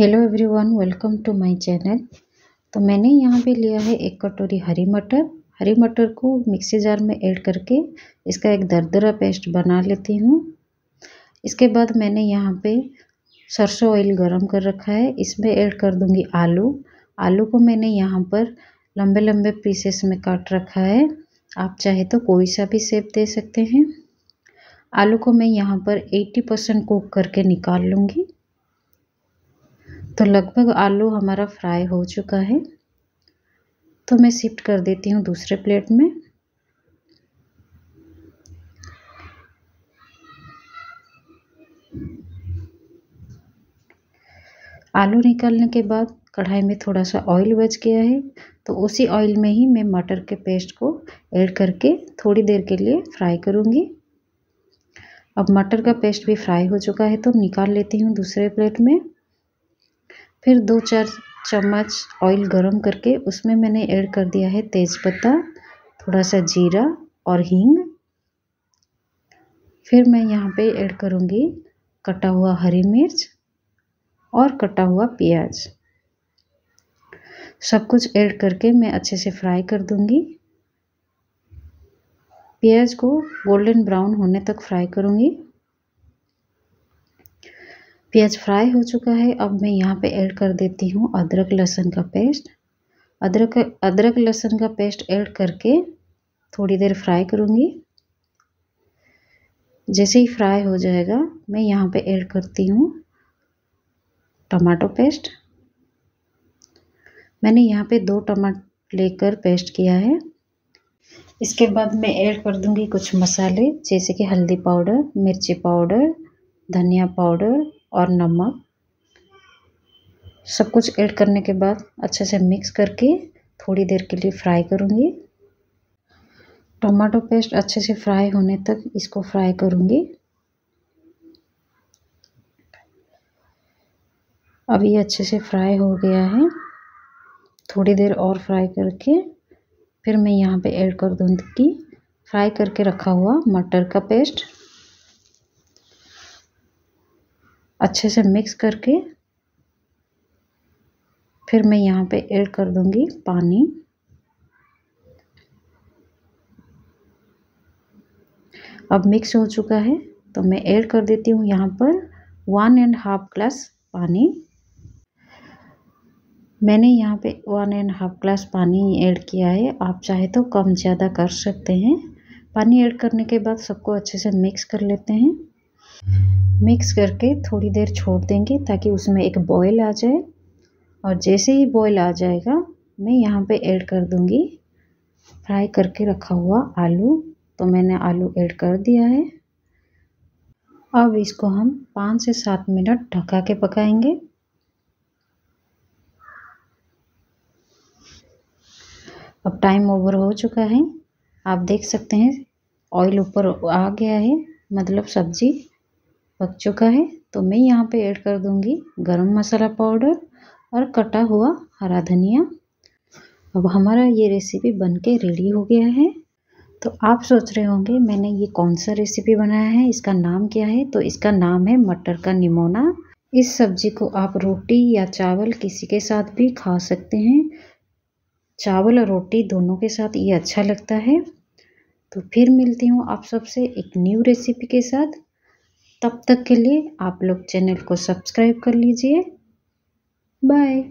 hello everyone welcome to my channel तो मैंने यहाँ पे लिया है एक कटोरी हरी मटर हरी मटर को मिक्सी जार में ऐड करके इसका एक दरदरा पेस्ट बना लेती हूँ इसके बाद मैंने यहाँ पे सरसों ऑयल गरम कर रखा है इसमें ऐड कर दूँगी आलू आलू को मैंने यहाँ पर लंबे लंबे पीसेस में काट रखा है आप चाहे तो कोई सा भी सेप दे सकते हैं आलू को मैं यहाँ पर एट्टी परसेंट कुक करके निकाल लूँगी तो लगभग आलू हमारा फ्राई हो चुका है तो मैं शिफ्ट कर देती हूँ दूसरे प्लेट में आलू निकालने के बाद कढ़ाई में थोड़ा सा ऑयल बच गया है तो उसी ऑयल में ही मैं मटर के पेस्ट को ऐड करके थोड़ी देर के लिए फ्राई करूँगी अब मटर का पेस्ट भी फ्राई हो चुका है तो निकाल लेती हूँ दूसरे प्लेट में फिर दो चार चम्मच ऑयल गरम करके उसमें मैंने ऐड कर दिया है तेज़पत्ता थोड़ा सा जीरा और हींग फिर मैं यहाँ पे ऐड करूँगी कटा हुआ हरी मिर्च और कटा हुआ प्याज सब कुछ ऐड करके मैं अच्छे से फ्राई कर दूँगी प्याज को गोल्डन ब्राउन होने तक फ्राई करूँगी प्याज फ्राई हो चुका है अब मैं यहाँ पे ऐड कर देती हूँ अदरक लहसुन का पेस्ट अदरक अदरक लहसुन का पेस्ट ऐड करके थोड़ी देर फ्राई करूँगी जैसे ही फ्राई हो जाएगा मैं यहाँ पे ऐड करती हूँ टमाटो पेस्ट मैंने यहाँ पे दो टमाटर लेकर पेस्ट किया है इसके बाद मैं ऐड कर दूँगी कुछ मसाले जैसे कि हल्दी पाउडर मिर्ची पाउडर धनिया पाउडर और नमक सब कुछ ऐड करने के बाद अच्छे से मिक्स करके थोड़ी देर के लिए फ्राई करूँगी टमाटो पेस्ट अच्छे से फ्राई होने तक इसको फ्राई करूँगी अब ये अच्छे से फ्राई हो गया है थोड़ी देर और फ्राई करके फिर मैं यहाँ पे ऐड कर दूँगी फ्राई करके रखा हुआ मटर का पेस्ट अच्छे से मिक्स करके फिर मैं यहाँ पे ऐड कर दूँगी पानी अब मिक्स हो चुका है तो मैं ऐड कर देती हूँ यहाँ पर वन एंड हाफ ग्लास पानी मैंने यहाँ पे वन एंड हाफ ग्लास पानी ऐड किया है आप चाहे तो कम ज़्यादा कर सकते हैं पानी ऐड करने के बाद सबको अच्छे से मिक्स कर लेते हैं मिक्स करके थोड़ी देर छोड़ देंगे ताकि उसमें एक बॉयल आ जाए और जैसे ही बॉयल आ जाएगा मैं यहाँ पे ऐड कर दूँगी फ्राई करके रखा हुआ आलू तो मैंने आलू ऐड कर दिया है अब इसको हम पाँच से सात मिनट ढका के पकाएंगे अब टाइम ओवर हो चुका है आप देख सकते हैं ऑयल ऊपर आ गया है मतलब सब्ज़ी पक चुका है तो मैं यहाँ पे ऐड कर दूँगी गरम मसाला पाउडर और कटा हुआ हरा धनिया अब हमारा ये रेसिपी बन के रेडी हो गया है तो आप सोच रहे होंगे मैंने ये कौन सा रेसिपी बनाया है इसका नाम क्या है तो इसका नाम है मटर का निमोना इस सब्जी को आप रोटी या चावल किसी के साथ भी खा सकते हैं चावल और रोटी दोनों के साथ ये अच्छा लगता है तो फिर मिलती हूँ आप सबसे एक न्यू रेसिपी के साथ तब तक के लिए आप लोग चैनल को सब्सक्राइब कर लीजिए बाय